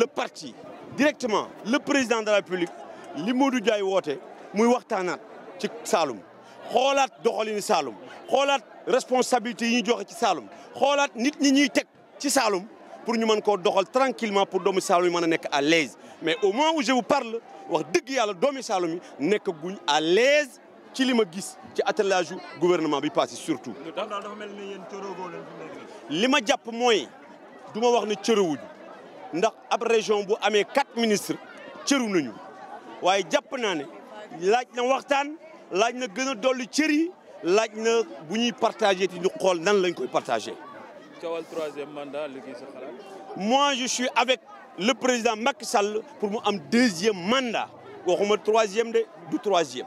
le parti directement le président de la République li jaay woote muy waxtaanaat ci Saalum xoolaat doxalini Saalum xoolaat responsabilité yi ñu joxe ci Saalum xoolaat nit ñi ñuy teg ci Saalum pour ñu mën koo doxal tranquillement pour doomu Saalum yi mën a nekk à l'aise mais au moment où je vous parle wax dëgg yàlla doomu Saalum yi nekk guñ à l'aise ci li ma gis ci attelage gouvernement bi passé surtout. li ma jàpp mooy ma wax ne cërëwuñu ndax ab région bu amee quatre ministres cëru nañu waaye jàpp naa ne laaj na waxtaan laaj na gën a dolli cër laaj na bu ñuy partagé ti ñu xool nan lañ koy partagé. coowal troisième mandat li sa xalaat. moi je suis avec le président Macky Sall pour mu am deuxième mandat waxuma troisième de du troisième.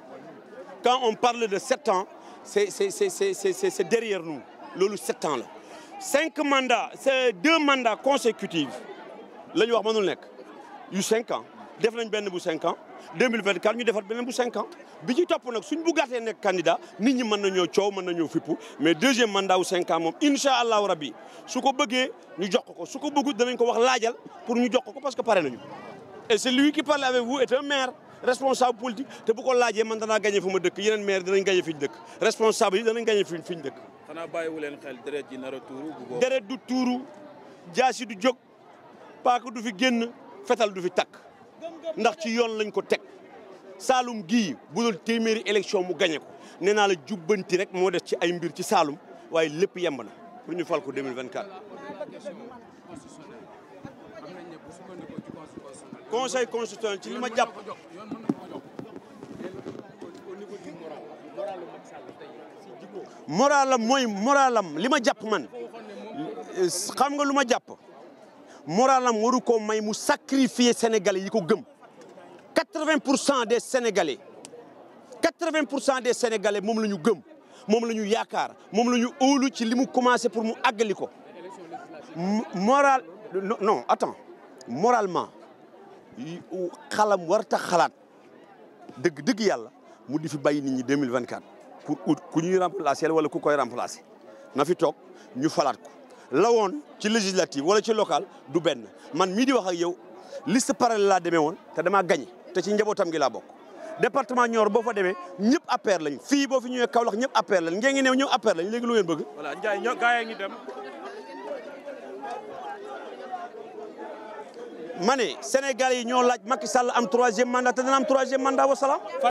quand on parle de sept ans c'est c'est c'est c'est c'est derrière nous loolu sept ans la cinq mandats c'est deux mandats consécutifs. la ñu wax mënul nekk yu cinq ans def nañ benn bu cinq ans 2024 ñu defat beneen bu cinq ans bi ci topp nag suñ bugaatee nekk candidat nit ñi mën nañoo coow mën nañoo fippu mais deuxième mandat wu cinq ans moom incha allahu rabbi su ko bëggee ñu jox ko su ko bëggut danañ ko wax laajal pour ñu jox ko parce que pare nañu. et c'est lui qui parle avec vous est un maire responsable politique te bu ko laajee man danaa gagné fu ma dëkk yeneen maire danañ gagné fi ñu dëkk responsable yi danañ gagné fi fi ñu dëkk. xanaa bàyyiwu leen xel deret ji nar paaka du fi génn fetal du fi takk ndax ci yoon lañ ko teg Saalum gi bu téeméeri élection mu gañe ko nee naa la jubbanti rek moo des ci ay mbir ci Saalum waaye lépp yemb na ñu fal ko 2024. conseil constitutionnel ci li ma jàpp. moralam mooy moralam li ma jàpp man xam nga lu ma jàpp. moralam waru koo may mu sacrifier sénégalais yi ko gëm quatre-vingt pour cent des sénégalais quatre-vingt pour cent des sénégalais moom la ñu gëm moom la ñu yaakaar moom la ñu óolu ci li mu commencé pour mu àggali ko moral non attends moralement xalam warta xalaat dëgg dëgg yàlla mu di fi bàyyi nit ñi 2024 pour ut ku ñuy remplacer wala ku koy remplacer na fi toog ñu falaat ko lawoon ci législative wala ci local du benn man mii di wax ak yow liste parallèle laa demee woon te damaa gagné te ci njabootam gi laa bokk. département ñoor boo fa demee ñëpp APR lañ fii boo fi ñëwee Kaolack ñëpp APR lañ ngee ngi new ñëpp APR lañ léegi lu ngeen bëgg. voilà Ndiaye ñoo gaa yi ngi dem. ne Sénégal yi ñoo laaj Macky Sall am troisième mandat te dana am troisième mandat wa